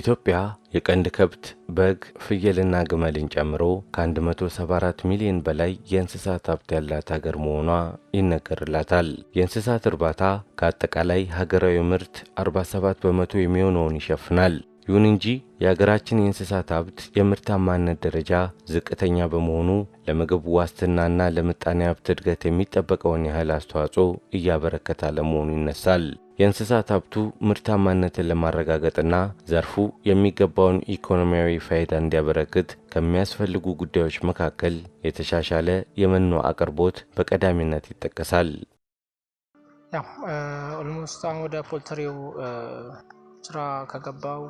ኢትዮጵያ የቀንድ ከብት፣ በግ፣ ፍየልና ግመልን ጨምሮ ከ174 ሚሊዮን በላይ የእንስሳት ሀብት ያላት ሀገር መሆኗ ይነገርላታል። የእንስሳት እርባታ ከአጠቃላይ ሀገራዊ ምርት 47 በመቶ የሚሆነውን ይሸፍናል። ይሁን እንጂ የሀገራችን የእንስሳት ሀብት የምርታማነት ደረጃ ዝቅተኛ በመሆኑ ለምግብ ዋስትናና ለምጣኔ ሀብት እድገት የሚጠበቀውን ያህል አስተዋጽኦ እያበረከተ አለመሆኑ ይነሳል። የእንስሳት ሀብቱ ምርታማነትን ለማረጋገጥና ዘርፉ የሚገባውን ኢኮኖሚያዊ ፋይዳ እንዲያበረክት ከሚያስፈልጉ ጉዳዮች መካከል የተሻሻለ የመኖ አቅርቦት በቀዳሚነት ይጠቀሳል። ያው ኦልሞስት አሁን ወደ ፖልትሪው ስራ ከገባው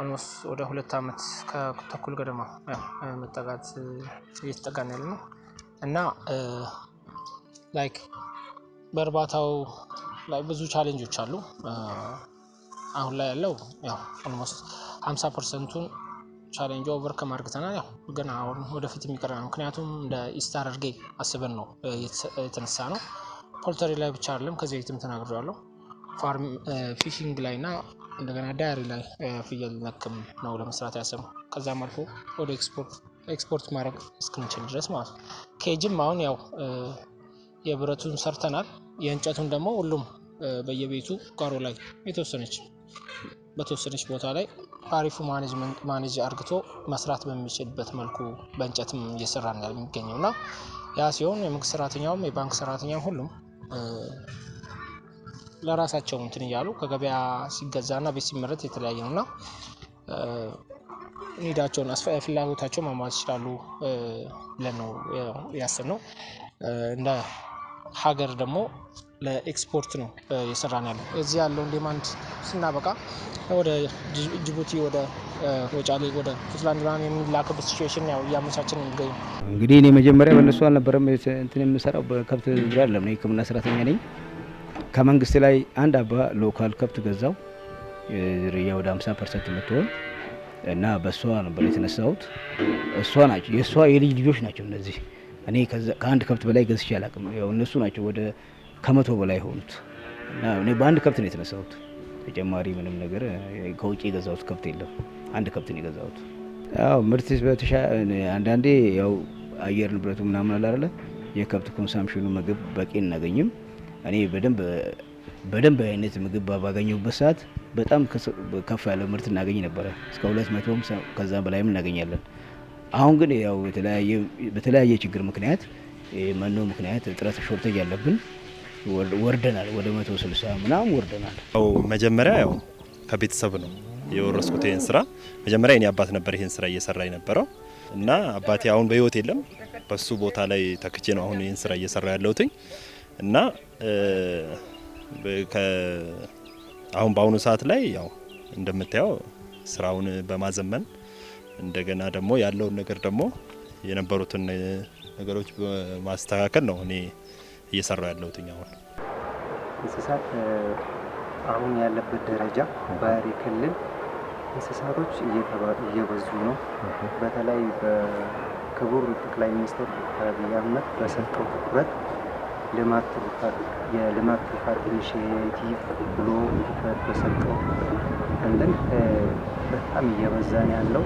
ኦልሞስት ወደ ሁለት ዓመት ከተኩል ገደማ መጠጋት እየተጠጋን ያለ ነው እና ላይክ በእርባታው ላይ ብዙ ቻሌንጆች አሉ። አሁን ላይ ያለው ያው አልሞስት ሀምሳ ፐርሰንቱን ቻሌንጅ ኦቨር ከማርግተናል ያው ግን አሁን ወደፊት ነው ምክንያቱም እንደ ኢስታር አድርጌ አስበን ነው የተነሳ ነው። ፖልተሪ ላይ ብቻ አይደለም ከዚህ በፊትም ያለው ፋርም ፊሽንግ ላይ እና እንደገና ዳያሪ ላይ ፍየል ነክም ነው ለመስራት ያሰብነው። ከዛም አልፎ ወደ ኤክስፖርት ኤክስፖርት ማድረግ እስክንችል ድረስ ማለት ነው። ኬጅም አሁን ያው የብረቱን ሰርተናል። የእንጨቱን ደግሞ ሁሉም በየቤቱ ጓሮ ላይ የተወሰነች በተወሰነች ቦታ ላይ አሪፉ ማኔጅመንት ማኔጅ አርግቶ መስራት በሚችልበት መልኩ በእንጨትም እየሰራ ነው የሚገኘው እና ያ ሲሆን የመንግስት ሰራተኛውም የባንክ ሰራተኛም ሁሉም ለራሳቸው እንትን እያሉ ከገበያ ሲገዛና ቤት ሲመረት የተለያየ ነው እና ኒዳቸውን ፍላጎታቸው ማሟላት ይችላሉ ብለን ነው ያሰብነው። እንደ ሀገር ደግሞ ለኤክስፖርት ነው የሰራን ያለው። እዚህ ያለውን ዲማንድ ስናበቃ ወደ ጅቡቲ፣ ወደ ወጫሌ፣ ወደ ፑንትላንድ ምናምን የሚላክበት ሲቹዌሽን ያው እያመቻችን የሚገኝ እንግዲህ እኔ መጀመሪያ በእነሱ አልነበረም እንትን የምሰራው በከብት ዙሪያ አለም ነው ሕክምና ሰራተኛ ነኝ። ከመንግስት ላይ አንድ አባ ሎካል ከብት ገዛው ዝርያ ወደ 50 ፐርሰንት የምትሆን እና በእሷ ነበር የተነሳሁት። እሷ ናቸው የእሷ የልጅ ልጆች ናቸው እነዚህ። እኔ ከአንድ ከብት በላይ ገዝቼ አላውቅም። ያው እነሱ ናቸው ወደ ከመቶ በላይ የሆኑት እና እኔ በአንድ ከብት ነው የተነሳሁት። ተጨማሪ ምንም ነገር ከውጭ የገዛሁት ከብት የለም። አንድ ከብት ነው የገዛሁት። ያው ምርት አንዳንዴ ያው አየር ንብረቱ ምናምን አላለ የከብት ኮንሳምሽኑ ምግብ በቂ እናገኝም እኔ በደንብ በደንብ አይነት ምግብ ባገኘሁበት ሰዓት በጣም ከፍ ያለ ምርት እናገኝ ነበረ። እስከ ሁለት መቶም ከዛ በላይም እናገኛለን። አሁን ግን ያው በተለያየ ችግር ምክንያት መኖ ምክንያት እጥረት ሾርቴጅ ያለብን ወርደናል። ወደ መቶ ስልሳ ምናምን ወርደናል። ያው መጀመሪያ ያው ከቤተሰብ ነው የወረስኩት ይህን ስራ። መጀመሪያ የኔ አባት ነበር ይህን ስራ እየሰራ የነበረው እና አባቴ አሁን በህይወት የለም። በሱ ቦታ ላይ ተክቼ ነው አሁን ይህን ስራ እየሰራ ያለሁትኝ እና አሁን በአሁኑ ሰዓት ላይ ያው እንደምታየው ስራውን በማዘመን እንደገና ደግሞ ያለውን ነገር ደግሞ የነበሩትን ነገሮች በማስተካከል ነው እኔ እየሰራው ያለሁት። አሁን እንስሳት አሁን ያለበት ደረጃ ባህሪ ክልል እንስሳቶች እየበዙ ነው። በተለይ በክቡር ጠቅላይ ሚኒስትር አብይ አህመድ በሰጠው ትኩረት የልማት ትሩፋት ኢኒሽቲቭ ብሎ ትኩረት በሰጠው እንትን በጣም እየበዛ ያለው።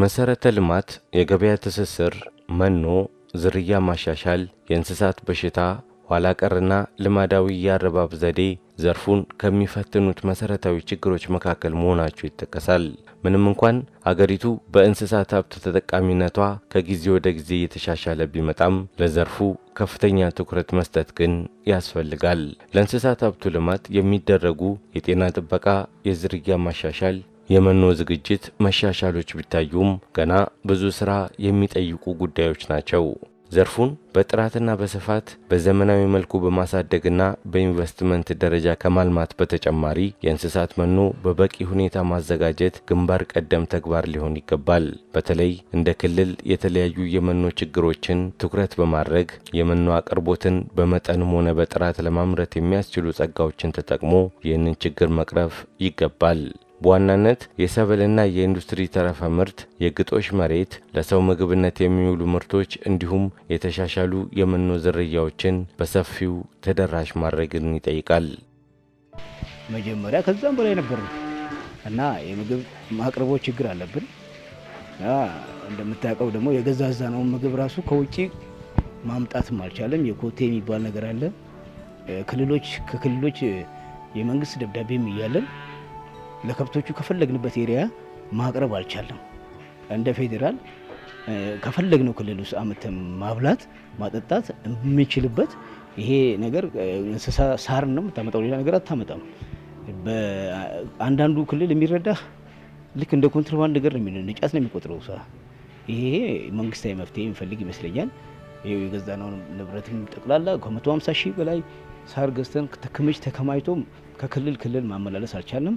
መሰረተ ልማት፣ የገበያ ትስስር፣ መኖ፣ ዝርያ ማሻሻል፣ የእንስሳት በሽታ፣ ኋላ ቀርና ልማዳዊ የአረባብ ዘዴ ዘርፉን ከሚፈትኑት መሰረታዊ ችግሮች መካከል መሆናቸው ይጠቀሳል። ምንም እንኳን አገሪቱ በእንስሳት ሀብት ተጠቃሚነቷ ከጊዜ ወደ ጊዜ እየተሻሻለ ቢመጣም ለዘርፉ ከፍተኛ ትኩረት መስጠት ግን ያስፈልጋል። ለእንስሳት ሀብቱ ልማት የሚደረጉ የጤና ጥበቃ፣ የዝርያ ማሻሻል፣ የመኖ ዝግጅት መሻሻሎች ቢታዩም ገና ብዙ ሥራ የሚጠይቁ ጉዳዮች ናቸው። ዘርፉን በጥራትና በስፋት በዘመናዊ መልኩ በማሳደግና በኢንቨስትመንት ደረጃ ከማልማት በተጨማሪ የእንስሳት መኖ በበቂ ሁኔታ ማዘጋጀት ግንባር ቀደም ተግባር ሊሆን ይገባል። በተለይ እንደ ክልል የተለያዩ የመኖ ችግሮችን ትኩረት በማድረግ የመኖ አቅርቦትን በመጠንም ሆነ በጥራት ለማምረት የሚያስችሉ ጸጋዎችን ተጠቅሞ ይህንን ችግር መቅረፍ ይገባል። በዋናነት የሰብልና የኢንዱስትሪ ተረፈ ምርት፣ የግጦሽ መሬት፣ ለሰው ምግብነት የሚውሉ ምርቶች እንዲሁም የተሻሻሉ የመኖ ዝርያዎችን በሰፊው ተደራሽ ማድረግን ይጠይቃል። መጀመሪያ ከዛም በላይ ነበር እና የምግብ ማቅረቦ ችግር አለብን። እንደምታውቀው ደግሞ የገዛዛ ነው ምግብ ራሱ ከውጭ ማምጣትም አልቻለም። የኮቴ የሚባል ነገር አለ። ክልሎች ከክልሎች የመንግስት ደብዳቤም እያለን ለከብቶቹ ከፈለግንበት ኤሪያ ማቅረብ አልቻለም። እንደ ፌዴራል ከፈለግነው ክልል ውስጥ አመት ማብላት ማጠጣት የሚችልበት ይሄ ነገር እንስሳ ሳር ነው የምታመጣው፣ ሌላ ነገር አታመጣም። አንዳንዱ ክልል የሚረዳህ ልክ እንደ ኮንትሮባንድ ነገር ነው የሚሆነው፣ ጫት ነው የሚቆጥረው ይሄ መንግስታዊ መፍትሄ የሚፈልግ ይመስለኛል። ይኸው የገዛነውን ንብረትም ጠቅላላ ከ150 ሺህ በላይ ሳር ገዝተን ክምች ተከማችቶ ከክልል ክልል ማመላለስ አልቻለም።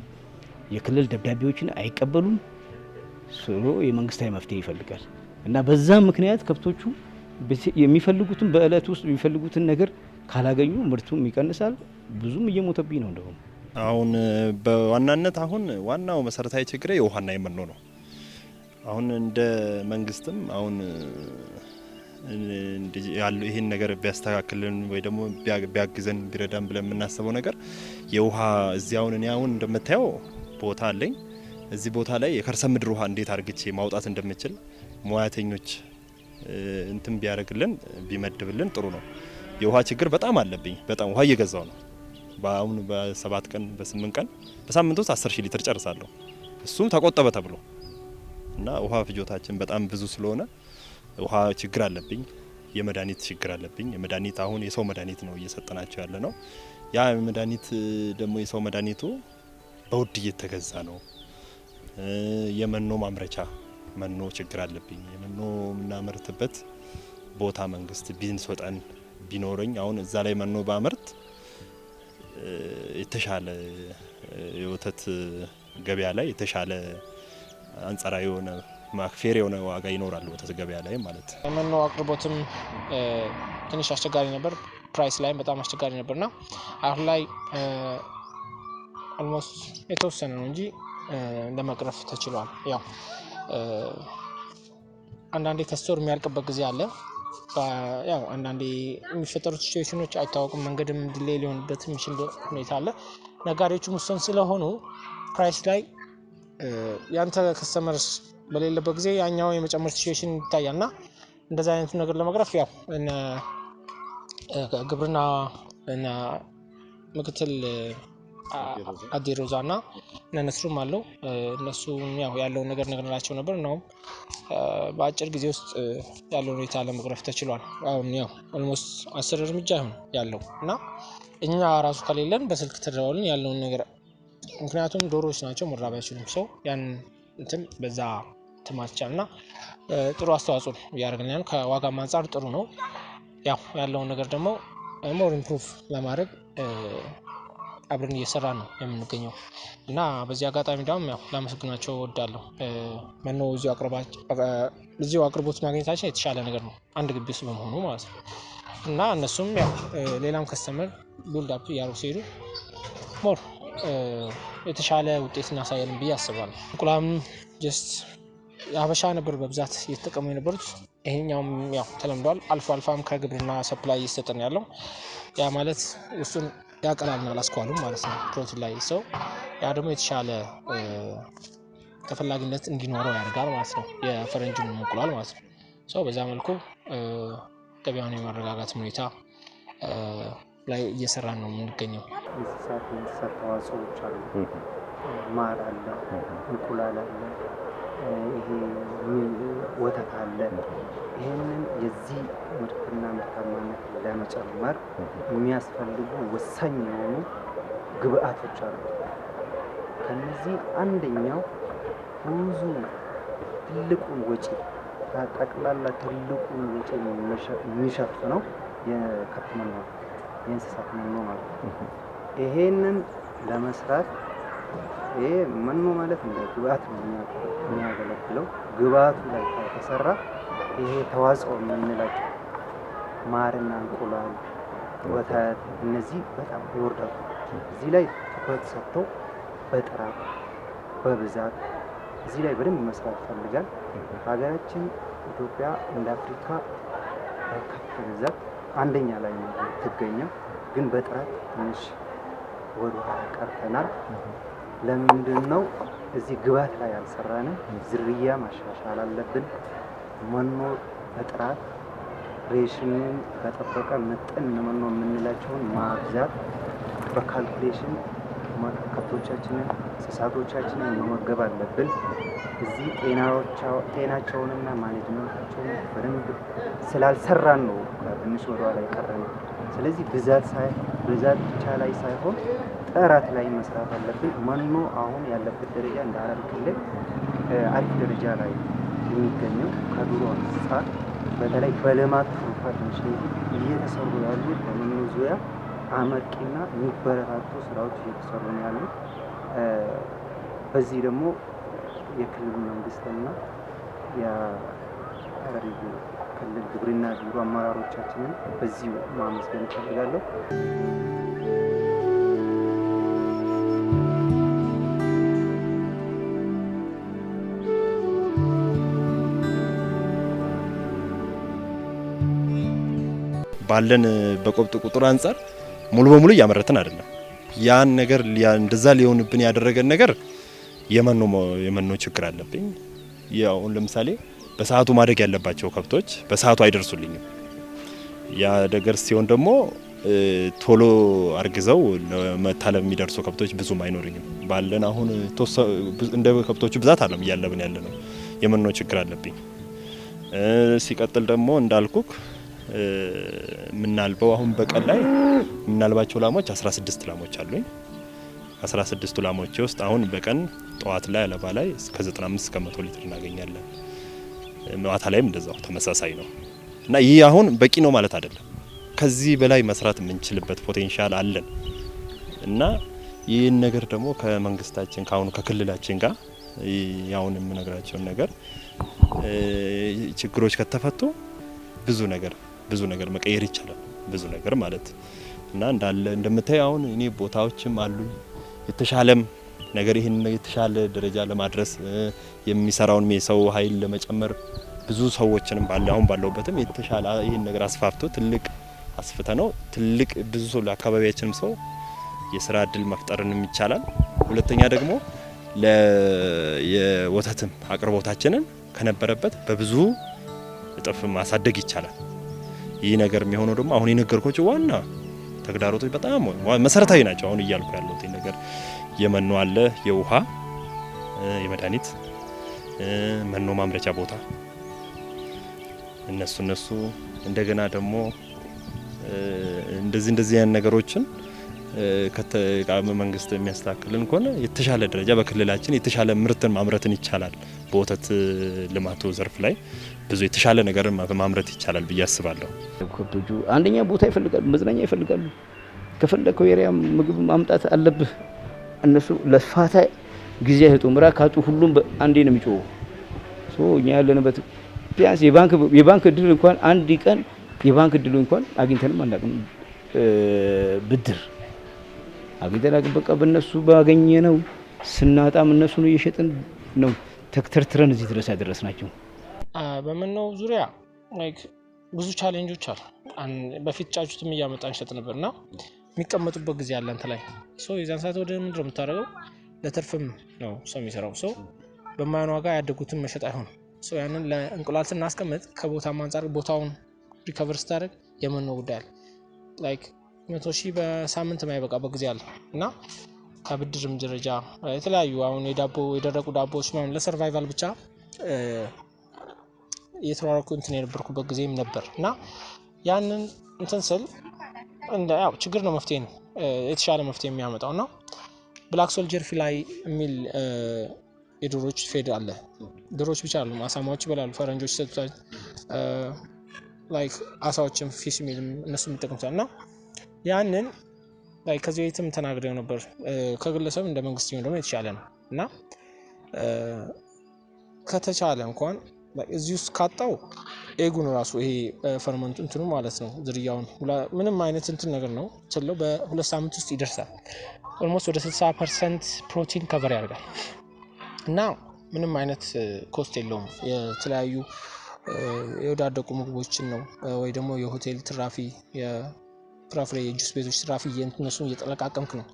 የክልል ደብዳቤዎችን አይቀበሉም ስሎ የመንግስታዊ መፍትሄ ይፈልጋል እና በዛ ምክንያት ከብቶቹ የሚፈልጉትን በእለት ውስጥ የሚፈልጉትን ነገር ካላገኙ ምርቱም ይቀንሳል። ብዙም እየሞተብኝ ነው። እንደውም አሁን በዋናነት አሁን ዋናው መሰረታዊ ችግር የውሃና የመኖ ነው። አሁን እንደ መንግስትም አሁን ያሉ ይህን ነገር ቢያስተካክልን ወይ ደግሞ ቢያግዘን ቢረዳን ብለን የምናስበው ነገር የውሃ እዚያውን እኔ አሁን እንደምታየው ቦታ አለኝ። እዚህ ቦታ ላይ የከርሰ ምድር ውሃ እንዴት አርግቼ ማውጣት እንደምችል ሙያተኞች እንትን ቢያደርግልን ቢመድብልን ጥሩ ነው። የውሃ ችግር በጣም አለብኝ። በጣም ውሃ እየገዛው ነው። በአሁኑ በሰባት ቀን በስምንት ቀን በሳምንት ውስጥ አስር ሺህ ሊትር ጨርሳለሁ። እሱም ተቆጠበ ተብሎ እና ውሃ ፍጆታችን በጣም ብዙ ስለሆነ ውሃ ችግር አለብኝ። የመድኃኒት ችግር አለብኝ። የመድኃኒት አሁን የሰው መድኃኒት ነው እየሰጠናቸው ያለ ነው። ያ መድኃኒት ደግሞ የሰው መድኃኒቱ በውድ እየተገዛ ነው። የመኖ ማምረቻ መኖ ችግር አለብኝ። የመኖ የምናመርትበት ቦታ መንግስት ቢዝነስ ወጠን ቢኖረኝ አሁን እዛ ላይ መኖ ባመርት የተሻለ የወተት ገበያ ላይ የተሻለ አንጻራዊ የሆነ ማክፌር የሆነ ዋጋ ይኖራል ወተት ገበያ ላይ ማለት። የመኖ አቅርቦትም ትንሽ አስቸጋሪ ነበር፣ ፕራይስ ላይም በጣም አስቸጋሪ ነበር እና አሁን ላይ አልሞስት የተወሰነ ነው እንጂ ለመቅረፍ ተችሏል። ያው አንዳንዴ ከስቶር የሚያልቅበት ጊዜ አለ። ያው አንዳንዴ የሚፈጠሩት ሲቹዌሽኖች አይታወቅም። መንገድም ድሌ ሊሆንበት የሚችል ሁኔታ አለ። ነጋዴዎቹ ውስን ስለሆኑ ፕራይስ ላይ ያንተ ከስተመርስ በሌለበት ጊዜ ያኛው የመጨመር ሲቹዌሽን ይታያል እና እንደዚ አይነቱ ነገር ለመቅረፍ ያው ግብርና ምክትል አዲሮዛ እና ነነስሩም አለው። እነሱም ያው ያለውን ነገር ነግረናቸው ነበር። እናውም በአጭር ጊዜ ውስጥ ያለውን ሁኔታ ለመቅረፍ ተችሏል። አሁን ያው ኦልሞስት አስር እርምጃ ይሆን ያለው እና እኛ ራሱ ከሌለን በስልክ ተደዋውለን ያለውን ነገር ምክንያቱም ዶሮዎች ናቸው መራብ አይችሉም። ሰው ያን እንትን በዛ ትማቻ እና ጥሩ አስተዋጽኦ እያደረግን ያን ከዋጋም አንጻር ጥሩ ነው። ያው ያለውን ነገር ደግሞ ሞር ኢምፕሩቭ ለማድረግ አብረን እየሰራ ነው የምንገኘው እና በዚህ አጋጣሚ ዳም ያው ላመሰግናቸው እወዳለሁ። መኖ እዚሁ አቅርቦት ማግኘታችን የተሻለ ነገር ነው፣ አንድ ግቢ ውስጥ በመሆኑ ማለት ነው። እና እነሱም ያው ሌላም ከስተመር ቢልዳፕ እያደረጉ ሲሄዱ ሞር የተሻለ ውጤት እናሳያለን ብዬ አስባለሁ። እንቁላም ጀስት ሀበሻ ነበር በብዛት እየተጠቀሙ የነበሩት። ይሄኛውም ያው ተለምዷል። አልፎ አልፋም ከግብርና ሰፕላይ እየሰጠን ያለው ያ ማለት እሱን ያቀላልናል አስኳሉም ማለት ነው ፕሮቲን ላይ ሰው ያ ደግሞ የተሻለ ተፈላጊነት እንዲኖረው ያደርጋል ማለት ነው የፈረንጅን እንቁላል ማለት ነው ሰው በዛ መልኩ ገበያውን የማረጋጋት ሁኔታ ላይ እየሰራን ነው የምንገኘው። እንስሳት የእንስሳት ተዋጽኦዎች አሉ። ማር አለ፣ እንቁላል አለ ወተት አለ። ይህንን የዚህ ምርትና ምርታማነት ለመጨመር የሚያስፈልጉ ወሳኝ የሆኑ ግብአቶች አሉ። ከነዚህ አንደኛው ብዙ ትልቁን ወጪ ጠቅላላ ትልቁን ወጪ የሚሸፍነው የከብት መኖ የእንስሳት መኖ ማለት ነው። ይሄንን ለመስራት ይሄ መኖ ማለት እንደ ግብአት የሚያገለግለው። ግብአቱ ላይ ከተሰራ ይሄ ተዋጽኦ የምንላቸው ማርና እንቁላል፣ ወተት እነዚህ በጣም ይወርዳሉ። እዚህ ላይ ትኩረት ሰጥቶ በጥራት በብዛት እዚህ ላይ በደንብ መስራት ይፈልጋል። ሀገራችን ኢትዮጵያ እንደ አፍሪካ በከብት ብዛት አንደኛ ላይ ነው የምትገኘው፣ ግን በጥራት ትንሽ ወደኋላ ቀርተናል። ለምንድን ነው እዚህ ግባት ላይ አልሰራንም? ዝርያ ማሻሻል አለብን። መኖ በጥራት ሬሽንን በጠበቀ መጠን መኖ የምንላቸውን ማብዛት፣ በካልኩሌሽን ከብቶቻችንን እንስሳቶቻችንን መመገብ አለብን። እዚህ ጤናቸውንና ማኔጅመንታቸውን በደንብ ስላልሰራን ነው ትንሽ ወደኋላ የቀረ ነው። ስለዚህ ብዛት ብቻ ላይ ሳይሆን ጥረት ላይ መስራት አለብን። መኖ አሁን ያለበት ደረጃ እንደ አረብ ክልል አሪፍ ደረጃ ላይ የሚገኘው ከድሮ አንጻር በተለይ በልማት ትሩፋት ኢኒሼቲቭ እየተሰሩ ያሉ በመኖ ዙሪያ አመርቂና የሚበረታቱ ስራዎች እየተሰሩ ነው ያሉት። በዚህ ደግሞ የክልሉ መንግስትና የሀረሪ ክልል ግብርና ቢሮ አመራሮቻችንን በዚሁ ማመስገን እፈልጋለሁ። ባለን በቆብጥ ቁጥር አንጻር ሙሉ በሙሉ እያመረትን አይደለም። ያን ነገር እንደዛ ሊሆንብን ያደረገን ነገር የመኖ የመኖ ችግር አለብኝ። አሁን ለምሳሌ በሰዓቱ ማደግ ያለባቸው ከብቶች በሰዓቱ አይደርሱልኝም። ያ ነገር ሲሆን ደግሞ ቶሎ አርግዘው ለመታለብ የሚደርሱ ከብቶች ብዙም አይኖርኝም። ባለን አሁን እንደ ከብቶቹ ብዛት አለም እያለብን ያለ ነው። የመኖ ችግር አለብኝ። ሲቀጥል ደግሞ እንዳልኩክ የምናልበው አሁን በቀን ላይ የምናልባቸው ላሞች 16 ላሞች አሉኝ። 16ቱ ላሞች ውስጥ አሁን በቀን ጠዋት ላይ አለባ ላይ እስከ 95 እስከ 100 ሊትር እናገኛለን። ማታ ላይም እንደዛው ተመሳሳይ ነው እና ይህ አሁን በቂ ነው ማለት አይደለም። ከዚህ በላይ መስራት የምንችልበት ፖቴንሻል አለን እና ይህን ነገር ደግሞ ከመንግስታችን ከአሁኑ ከክልላችን ጋር ያሁን የምነግራቸውን ነገር ችግሮች ከተፈቱ ብዙ ነገር ብዙ ነገር መቀየር ይቻላል። ብዙ ነገር ማለት እና እንዳለ እንደምታይ አሁን እኔ ቦታዎችም አሉ የተሻለም ነገር ይህን የተሻለ ደረጃ ለማድረስ የሚሰራውን የሰው ኃይል ለመጨመር ብዙ ሰዎችንም ባለ አሁን ባለውበትም የተሻለ ይህን ነገር አስፋፍቶ ትልቅ አስፍተ ነው ትልቅ ብዙ ሰው ለአካባቢያችንም ሰው የስራ እድል መፍጠርንም ይቻላል። ሁለተኛ ደግሞ የወተትም አቅርቦታችንን ከነበረበት በብዙ እጥፍ ማሳደግ ይቻላል። ይህ ነገር የሚሆነው ደግሞ አሁን የነገርኳቸው ዋና ተግዳሮቶች በጣም መሰረታዊ ናቸው። አሁን እያልኩ ያለሁት ነገር የመኖ አለ፣ የውሃ፣ የመድኃኒት መኖ ማምረቻ ቦታ እነሱ እነሱ እንደገና ደግሞ እንደዚህ እንደዚህ ያን ነገሮችን መንግስት የሚያስተካክልን ከሆነ የተሻለ ደረጃ በክልላችን የተሻለ ምርትን ማምረትን ይቻላል። በወተት ልማቱ ዘርፍ ላይ ብዙ የተሻለ ነገር ማምረት ይቻላል ብዬ አስባለሁ። ከብቶቹ አንደኛ ቦታ ይፈልጋሉ፣ መዝናኛ ይፈልጋሉ። ከፈለግከው የሪያ ምግብ ማምጣት አለብህ። እነሱ ለፋታ ጊዜ አይሰጡም። ምራ ካጡ ሁሉም አንዴ ነው የሚጮኸው። እኛ ያለንበት ቢያንስ የባንክ እድል እንኳን አንድ ቀን የባንክ እድሉ እንኳን አግኝተንም አናውቅም ብድር አግኝተን በቃ በእነሱ ባገኘ ነው ስናጣም እነሱን እየሸጥን ነው ተክተርትረን እዚህ ድረስ ያደረስናቸው። በመኖ ዙሪያ ብዙ ቻሌንጆች አሉ። በፊት ጫጩትም እያመጣ እንሸጥ ነበር እና የሚቀመጡበት ጊዜ አለ ላይ የዛን ሰዓት ወደ ምንድን ነው የምታደርገው? ለትርፍም ነው ሰው የሚሰራው ሰው በማይሆን ዋጋ ያደጉትን መሸጥ አይሆንም። ያንን ለእንቁላል ስናስቀምጥ ከቦታም አንጻር ቦታውን ሪከቨር ስታደርግ የመኖ ጉዳይ አለ መቶ ሺህ በሳምንት የማይበቃበት ጊዜ አለ እና ከብድርም ደረጃ የተለያዩ አሁን የዳቦ የደረቁ ዳቦዎች ምናምን ለሰርቫይቫል ብቻ የተሯሯኩ እንትን የነበርኩበት ጊዜም ነበር እና ያንን እንትን ስል ያው ችግር ነው መፍትሄ ነው የተሻለ መፍትሄ የሚያመጣው እና ብላክ ሶልጀር ፍላይ የሚል የዶሮች ፌድ አለ። ዶሮች ብቻ አሉ፣ አሳማዎች ይበላሉ። ፈረንጆች ሰጡታል። ላይክ አሳዎችም ፊሽ ሚልም እነሱ የሚጠቅሙታል እና ያንን ከዚህ ቤትም ተናግደው ነበር። ከግለሰብ እንደ መንግስት ሲሆን ደግሞ የተሻለ ነው እና ከተቻለ እንኳን እዚህ ውስጥ ካጣው ኤጉን ራሱ ይሄ ፈርመንቱ እንትኑ ማለት ነው ዝርያውን ምንም አይነት እንትን ነገር ነው ስለው በሁለት ሳምንት ውስጥ ይደርሳል። ኦልሞስት ወደ 60 ፐርሰንት ፕሮቲን ከቨር ያደርጋል እና ምንም አይነት ኮስት የለውም። የተለያዩ የወዳደቁ ምግቦችን ነው ወይ ደግሞ የሆቴል ትራፊ ፍራፍሬ ጁስ ቤቶች ስራፍ እነሱን እየጠለቃቀምክ ነው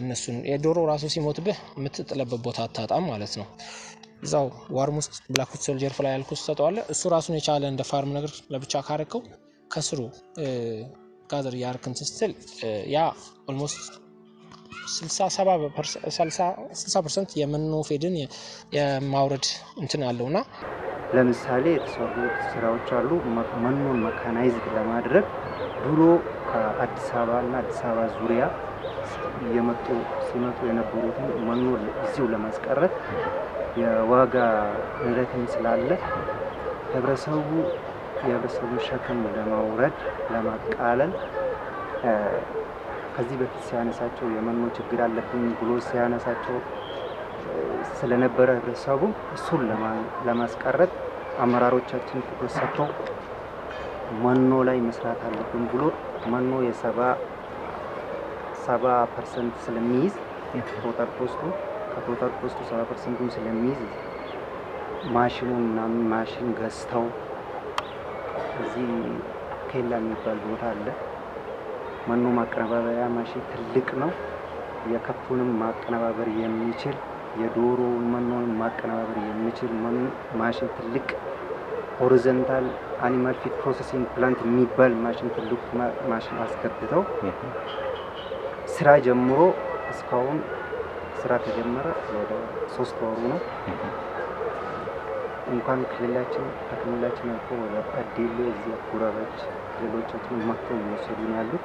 እነሱን የዶሮ ራሱ ሲሞትብህ የምትጥለበት ቦታ አታጣም ማለት ነው። እዛው ዋርም ውስጥ ብላክት ሶልጀር ፍላይ ያልኩ ትሰጠዋለህ። እሱ ራሱን የቻለ እንደ ፋርም ነገር ለብቻ ካረከው ከስሩ ጋዘር ያርክን ስትል ያ ኦልሞስት 6 ፐርሰንት የመኖ ፌድን የማውረድ እንትን አለው እና ለምሳሌ የተሰሩ ስራዎች አሉ መኖን መካናይዝድ ለማድረግ ድሮ ከአዲስ አበባና አዲስ አበባ ዙሪያ የመጡ ሲመጡ የነበሩትን መኖር እዚሁ ለማስቀረት የዋጋ ንረትን ስላለ ህብረተሰቡ የህብረተሰቡን ሸክም ለማውረድ ለማቃለል ከዚህ በፊት ሲያነሳቸው የመኖ ችግር አለብኝ ብሎ ሲያነሳቸው ስለነበረ ህብረተሰቡ እሱን ለማስቀረት አመራሮቻችን ትኩረት ሰጥተው መኖ ላይ መስራት አለብን ብሎ መኖ የሰባ ሰባ ፐርሰንት ስለሚይዝ ቶታል ኮስቱ ከቶታል ኮስቱ ሰባ ፐርሰንቱን ስለሚይዝ ማሽኑን ምናምን ማሽን ገዝተው እዚህ ኬላ የሚባል ቦታ አለ። መኖ ማቀነባበሪያ ማሽን ትልቅ ነው። የከብቱንም ማቀነባበር የሚችል የዶሮውን መኖንም ማቀነባበር የሚችል ማሽን ትልቅ ሆሪዘንታል አኒማል ፊት ፕሮሰሲንግ ፕላንት የሚባል ማሽን ትልቅ ማሽን አስገብተው ስራ ጀምሮ እስካሁን ስራ ተጀመረ ወደ ሶስት ወሩ ነው። እንኳን ክልላችን ከክልላችን አልፎ ወደ አዴሎ እዚህ ጉራባች ክልሎቻችን መጥተው እየወሰዱ ነው ያሉት።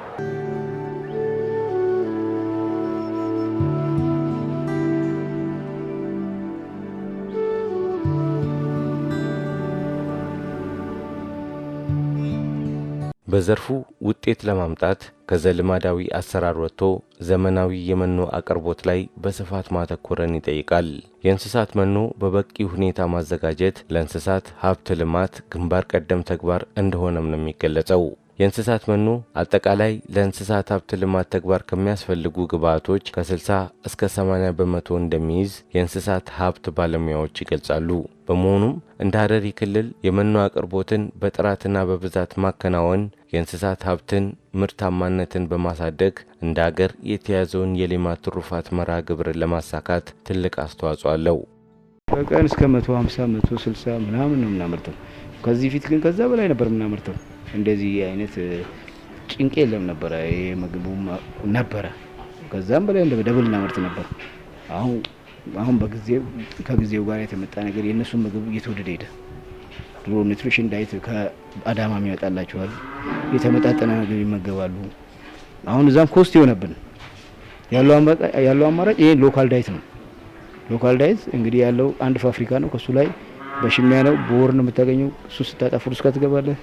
በዘርፉ ውጤት ለማምጣት ከዘልማዳዊ አሰራር ወጥቶ ዘመናዊ የመኖ አቅርቦት ላይ በስፋት ማተኮረን ይጠይቃል። የእንስሳት መኖ በበቂ ሁኔታ ማዘጋጀት ለእንስሳት ሀብት ልማት ግንባር ቀደም ተግባር እንደሆነም ነው የሚገለጸው። የእንስሳት መኖ አጠቃላይ ለእንስሳት ሀብት ልማት ተግባር ከሚያስፈልጉ ግብዓቶች ከ60 እስከ 80 በመቶ እንደሚይዝ የእንስሳት ሀብት ባለሙያዎች ይገልጻሉ። በመሆኑም እንደ ሐረሪ ክልል የመኖ አቅርቦትን በጥራትና በብዛት ማከናወን የእንስሳት ሀብትን ምርታማነትን በማሳደግ እንደ አገር የተያዘውን የሌማት ትሩፋት መርሃ ግብርን ለማሳካት ትልቅ አስተዋጽኦ አለው። በቀን እስከ 150 160 ምናምን ነው ምናመርተው። ከዚህ ፊት ግን ከዛ በላይ ነበር የምናመርተው። እንደዚህ አይነት ጭንቅ የለም ነበረ። ምግቡ ነበረ ከዛም በላይ ደብል እናመርት ነበር። አሁን አሁን በጊዜ ከጊዜው ጋር የተመጣ ነገር የእነሱ ምግብ እየተወደደ ሄደ። ድሮ ኒትሪሽን ዳይት ከአዳማ ይመጣላቸዋል፣ የተመጣጠነ ምግብ ይመገባሉ። አሁን እዛም ኮስት የሆነብን ያለው አማራጭ ይሄ ሎካል ዳይት ነው። ሎካል ዳይት እንግዲህ ያለው አንድ ፋብሪካ ነው። ከሱ ላይ በሽሚያ ነው በወር ነው የምታገኘው። እሱ ስታጣ ፍሩስ ትገባለህ።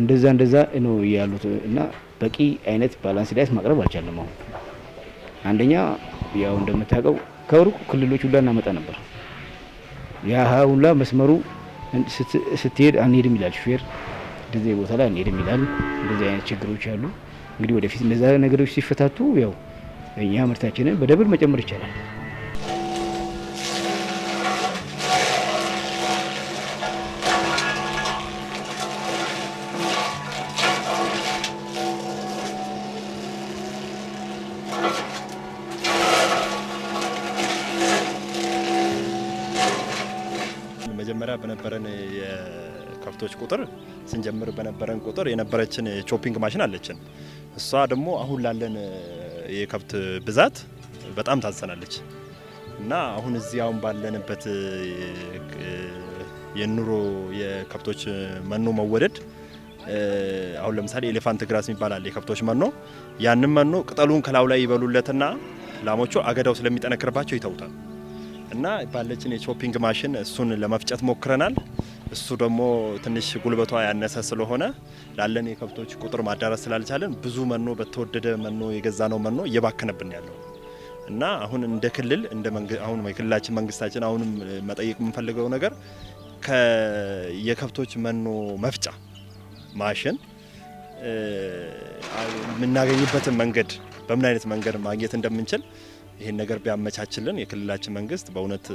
እንደዛ እንደዛ ነው ያሉት እና በቂ አይነት ባላንስ ዳይት ማቅረብ አልቻለም። አሁን አንደኛ ያው እንደምታውቀው ከሩቅ ክልሎች ሁላ እናመጣ ነበር። ያ ሁላ መስመሩ ስትሄድ አንሄድም ይላል ሹፌር፣ እንደዚህ ቦታ ላይ አንሄድም ይላል። እንደዚህ አይነት ችግሮች አሉ። እንግዲህ ወደፊት እንደዛ ነገሮች ሲፈታቱ ያው እኛ ምርታችንን በደብል መጨመር ይቻላል። መጀመሪያ በነበረን የከብቶች ቁጥር ስንጀምር በነበረን ቁጥር የነበረችን ቾፒንግ ማሽን አለችን። እሷ ደግሞ አሁን ላለን የከብት ብዛት በጣም ታዘናለች እና አሁን እዚህ አሁን ባለንበት የኑሮ የከብቶች መኖ መወደድ አሁን ለምሳሌ ኤሌፋንት ግራስ የሚባል አለ የከብቶች መኖ። ያንን መኖ ቅጠሉን ከላዩ ላይ ይበሉለትና ላሞቹ አገዳው ስለሚጠነክርባቸው ይተውታል። እና ባለችን የቾፒንግ ማሽን እሱን ለመፍጨት ሞክረናል። እሱ ደግሞ ትንሽ ጉልበቷ ያነሰ ስለሆነ ላለን የከብቶች ቁጥር ማዳረስ ስላልቻለን ብዙ መኖ በተወደደ መኖ የገዛ ነው መኖ እየባከነብን ያለው እና አሁን እንደ ክልል እንደ አሁን የክልላችን መንግስታችን አሁንም መጠየቅ የምንፈልገው ነገር የከብቶች መኖ መፍጫ ማሽን የምናገኝበትን መንገድ በምን አይነት መንገድ ማግኘት እንደምንችል ይህን ነገር ቢያመቻችልን የክልላችን መንግስት በእውነት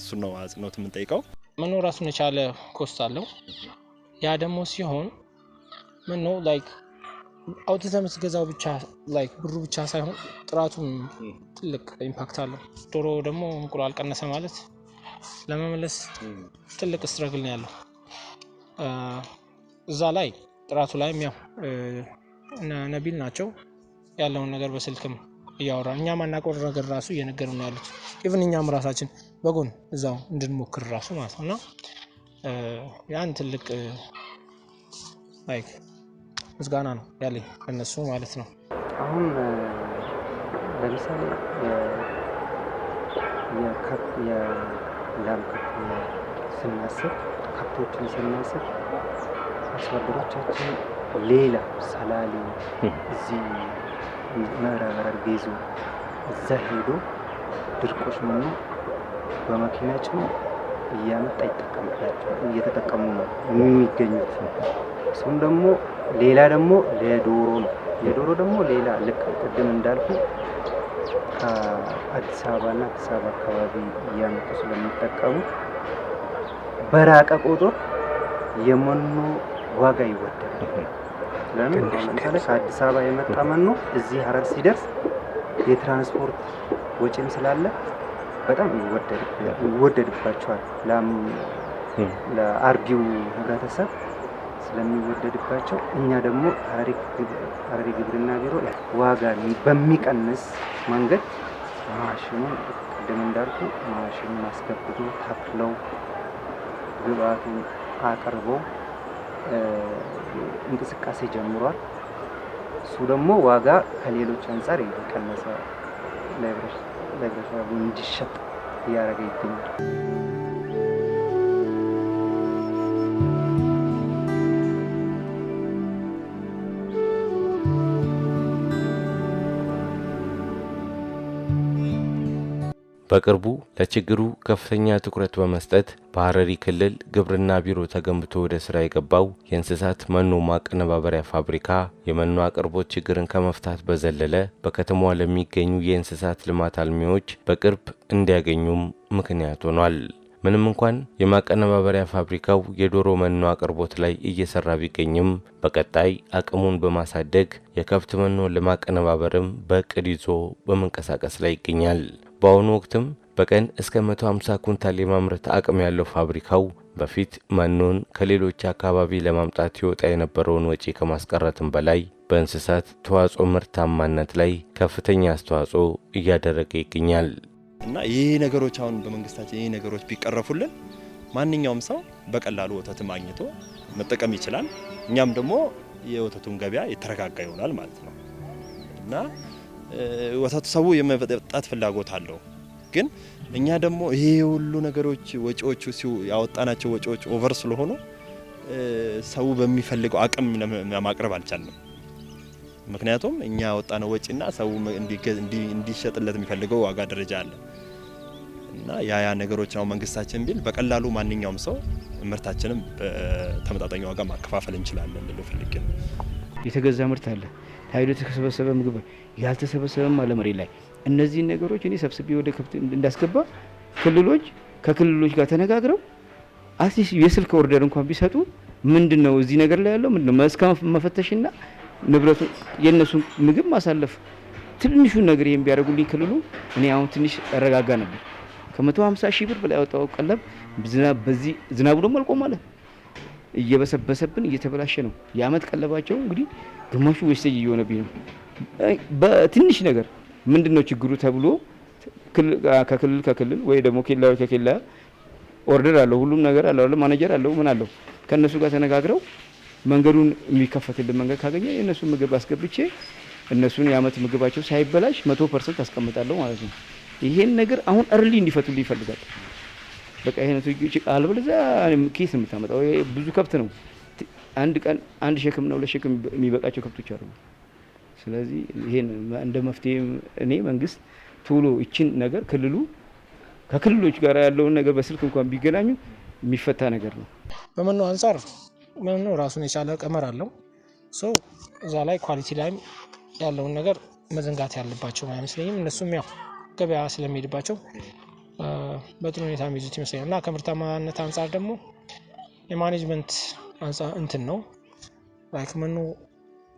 እሱ ነው አጽንኦት የምንጠይቀው። መኖ ራሱን የቻለ ኮስት አለው። ያ ደግሞ ሲሆን መኖ ላይክ አውጥተህ የምትገዛው ብቻ ላይክ ብሩ ብቻ ሳይሆን ጥራቱም ትልቅ ኢምፓክት አለው። ዶሮ ደግሞ እንቁላል ቀነሰ ማለት ለመመለስ ትልቅ ስትረግል ነው ያለው። እዛ ላይ ጥራቱ ላይም ያው ነቢል ናቸው ያለውን ነገር በስልክም እያወራን እኛ ማናውቀው ነገር ራሱ እየነገሩ ነው ያሉት። ኢቭን እኛም ራሳችን በጎን እዛው እንድንሞክር ራሱ ማለት ነው እና ያን ትልቅ ላይክ ምስጋና ነው ያለ እነሱ ማለት ነው። አሁን ለምሳሌ የላም ከብት ስናስብ ከብቶችን ስናስብ አርሶ አደሮቻችን ሌላ ሰላሌ እዚህ መረበረብ ይዞ እዛ ሄዶ ድርቆሽ ምኑ በመኪና ጭኖ እያመጣ ይጠቀምባቸዋል። እየተጠቀሙ ነው የሚገኙት። እሱም ደግሞ ሌላ ደግሞ ለዶሮ ነው። የዶሮ ደግሞ ሌላ ልክ ቅድም እንዳልኩ ከአዲስ አበባ አበባና አዲስ አበባ አካባቢ እያመጡ ስለሚጠቀሙት በራቀ ቁጥር የመኖ ዋጋ ይወደዳል። ለምን ለምሳሌ ከአዲስ አበባ የመጣ መኖ እዚህ ሀረር ሲደርስ የትራንስፖርት ወጪም ስላለ በጣም ይወደድባቸዋል። ለአርቢው ህብረተሰብ ስለሚወደድባቸው እኛ ደግሞ ሀረሪ ግብርና ቢሮ ዋጋ በሚቀንስ መንገድ ማሽኑን ቅድም እንዳልኩ ማሽኑን አስገብቶ ተክለው ግብአቱን አቅርበው እንቅስቃሴ ጀምሯል። እሱ ደግሞ ዋጋ ከሌሎች አንጻር የቀነሰ ለህብረተሰቡ እንዲሸጥ እያደረገ ይገኛል። በቅርቡ ለችግሩ ከፍተኛ ትኩረት በመስጠት በሐረሪ ክልል ግብርና ቢሮ ተገንብቶ ወደ ስራ የገባው የእንስሳት መኖ ማቀነባበሪያ ፋብሪካ የመኖ አቅርቦት ችግርን ከመፍታት በዘለለ በከተማዋ ለሚገኙ የእንስሳት ልማት አልሚዎች በቅርብ እንዲያገኙም ምክንያት ሆኗል። ምንም እንኳን የማቀነባበሪያ ፋብሪካው የዶሮ መኖ አቅርቦት ላይ እየሰራ ቢገኝም በቀጣይ አቅሙን በማሳደግ የከብት መኖ ለማቀነባበርም በእቅድ ይዞ በመንቀሳቀስ ላይ ይገኛል። በአሁኑ ወቅትም በቀን እስከ 150 ኩንታል የማምረት አቅም ያለው ፋብሪካው በፊት መኖን ከሌሎች አካባቢ ለማምጣት ይወጣ የነበረውን ወጪ ከማስቀረትም በላይ በእንስሳት ተዋጽኦ ምርታማነት ላይ ከፍተኛ አስተዋጽኦ እያደረገ ይገኛል እና ይህ ነገሮች አሁን በመንግስታችን ይህ ነገሮች ቢቀረፉልን ማንኛውም ሰው በቀላሉ ወተት ማግኘቶ መጠቀም ይችላል። እኛም ደግሞ የወተቱን ገበያ የተረጋጋ ይሆናል ማለት ነው እና ሰው የመጠጣት ፍላጎት አለው። ግን እኛ ደግሞ ይሄ ሁሉ ነገሮች ወጪዎቹ ያወጣናቸው ወጪዎች ኦቨር ስለሆኑ ሰው በሚፈልገው አቅም ለማቅረብ አልቻለም። ምክንያቱም እኛ ያወጣነው ወጪና ሰው እንዲሸጥለት የሚፈልገው ዋጋ ደረጃ አለ እና ያ ያ ነገሮች ነው መንግስታችን ቢል በቀላሉ ማንኛውም ሰው ምርታችንም በተመጣጣኝ ዋጋ ማከፋፈል እንችላለን ልፈልግ ነው። የተገዛ ምርት አለ ኃይሉ የተሰበሰበ ምግብ ያልተሰበሰበም አለ ላይ። እነዚህን ነገሮች እኔ ሰብስቤ ወደ ከብት እንዳስገባ ክልሎች ከክልሎች ጋር ተነጋግረው አትሊስት የስልክ ኦርደር እንኳን ቢሰጡ ምንድን ነው እዚህ ነገር ላይ ያለው ምንድነው እስከ መፈተሽና ንብረቱ የእነሱን ምግብ ማሳለፍ ትንሹን ነገር ይሄን ቢያደርጉልኝ ክልሉ እኔ አሁን ትንሽ እረጋጋ ነበር። ከ ከ150 ሺህ ብር በላይ ያወጣው ቀለብ ዝናብ በዚህ ዝናቡ ደግሞ አልቆም ማለት እየበሰበሰብን እየተበላሸ ነው። የአመት ቀለባቸው እንግዲህ ግማሹ ወስቴጅ እየሆነብኝ ነው። በትንሽ ነገር ምንድን ነው ችግሩ ተብሎ ከክልል ከክልል ወይ ደግሞ ኬላ ከኬላ ኦርደር አለው ሁሉም ነገር አለው ማኔጀር አለው ምን አለው ከእነሱ ጋር ተነጋግረው መንገዱን የሚከፈትልን መንገድ ካገኘ የእነሱን ምግብ አስገብቼ እነሱን የአመት ምግባቸው ሳይበላሽ መቶ ፐርሰንት አስቀምጣለሁ ማለት ነው። ይሄን ነገር አሁን እርሊ እንዲፈቱልኝ ይፈልጋል። በቃ ይሄን ጭቃ አልብል እዛ የምታመጣው። ብዙ ከብት ነው። አንድ ቀን አንድ ሸክም ነው ለሸክም የሚበቃቸው ከብቶች አሉ። ስለዚህ ይሄን እንደ መፍትሄ እኔ መንግስት ቶሎ ይችን ነገር ክልሉ ከክልሎች ጋር ያለውን ነገር በስልክ እንኳን ቢገናኙ የሚፈታ ነገር ነው። በመኖ አንጻር መኖ ራሱን የቻለ ቀመር አለው። ሰው እዛ ላይ ኳሊቲ ላይም ያለውን ነገር መዘንጋት ያለባቸው አይመስለኝም። እነሱም ያው ገበያ ስለሚሄድባቸው በጥሩ ሁኔታ የሚይዙት ይመስለኛል እና ከምርታማነት አንጻር ደግሞ የማኔጅመንት እንትን ነው ላይክ መኖ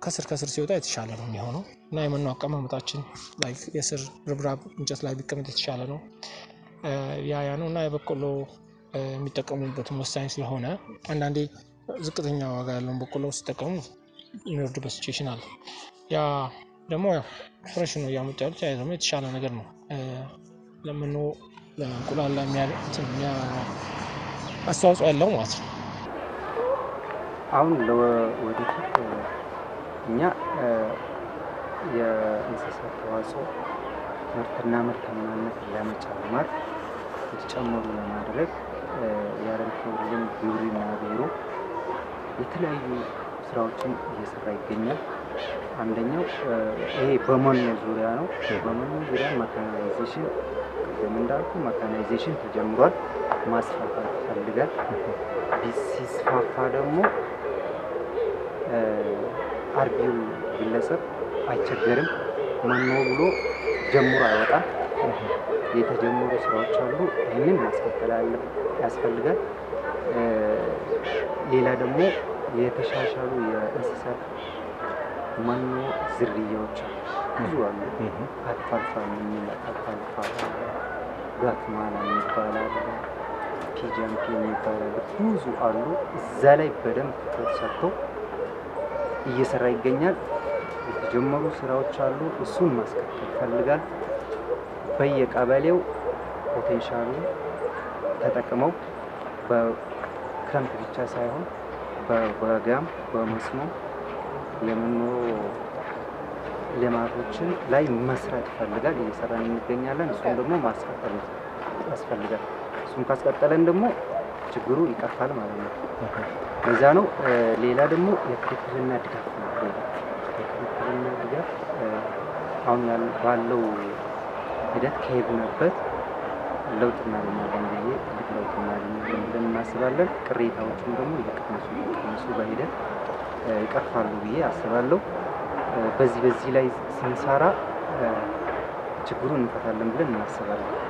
ከስር ከስር ሲወጣ የተሻለ ነው የሚሆነው እና የመኖ አቀማመጣችን ላይክ የስር ርብራብ እንጨት ላይ ቢቀመጥ የተሻለ ነው። ያያ ነው እና የበቆሎ የሚጠቀሙበትም ወሳኝ ስለሆነ አንዳንዴ ዝቅተኛ ዋጋ ያለውን በቆሎ ሲጠቀሙ የሚወርድበት ሲቹዌሽን አለ። ያ ደግሞ ያው ፍሬሽ ነው እያመጡ ያሉት ያ ደግሞ የተሻለ ነገር ነው። ለመኖ ለእንቁላል አስተዋጽኦ ያለው ማለት ነው። አሁን ለወደፊት እኛ የእንስሳት ተዋጽኦ ምርትና ምርታማነት ለመጨመር የተጨመሩ ለማድረግ የዓለም ክልል ግብርና ቢሮ የተለያዩ ስራዎችን እየሰራ ይገኛል። አንደኛው ይሄ በመኖ ዙሪያ ነው። በመኖ ዙሪያ መካናይዜሽን ቅድም እንዳልኩ መካናይዜሽን ተጀምሯል። ማስፋፋት ይፈልጋል። ሲስፋፋ ደግሞ አርቢው ግለሰብ አይቸገርም። መኖ ብሎ ጀምሮ አይወጣም። የተጀመሩ ስራዎች አሉ። ይህንን ማስቀጠል ያስፈልጋል። ሌላ ደግሞ የተሻሻሉ የእንስሳት መኖ ዝርያዎች ብዙ አሉ። አልፋልፋ የሚል አልፋልፋ፣ ጋትማላ የሚባል ፒጃምፒ የሚባል ብዙ አሉ። እዛ ላይ በደንብ ትኩረት ሰጥቶ እየሰራ ይገኛል። የተጀመሩ ስራዎች አሉ። እሱን ማስከተል ይፈልጋል። በየቀበሌው ፖቴንሻሉ ተጠቅመው በክረምት ብቻ ሳይሆን በበጋም በመስኖ የምንኖሩ ልማቶችን ላይ መስራት ይፈልጋል። እየሰራን እንገኛለን። እሱም ደግሞ ማስቀጠል ያስፈልጋል። እሱም ካስቀጠለን ደግሞ ችግሩ ይቀርፋል ማለት ነው። በዛ ነው። ሌላ ደግሞ የክትትልና ድጋፍ ነው። የክትትልና ድጋፍ አሁን ባለው ሂደት ከሄድንበት ለውጥ እናገኛለን ብዬ ትልቅ ለውጥ እናገኛለን ብለን እናስባለን። ቅሬታዎቹም ደግሞ እየቀነሱ እየቀነሱ በሂደት ይቀርፋሉ ብዬ አስባለሁ። በዚህ በዚህ ላይ ስንሰራ ችግሩን እንፈታለን ብለን እናስባለን።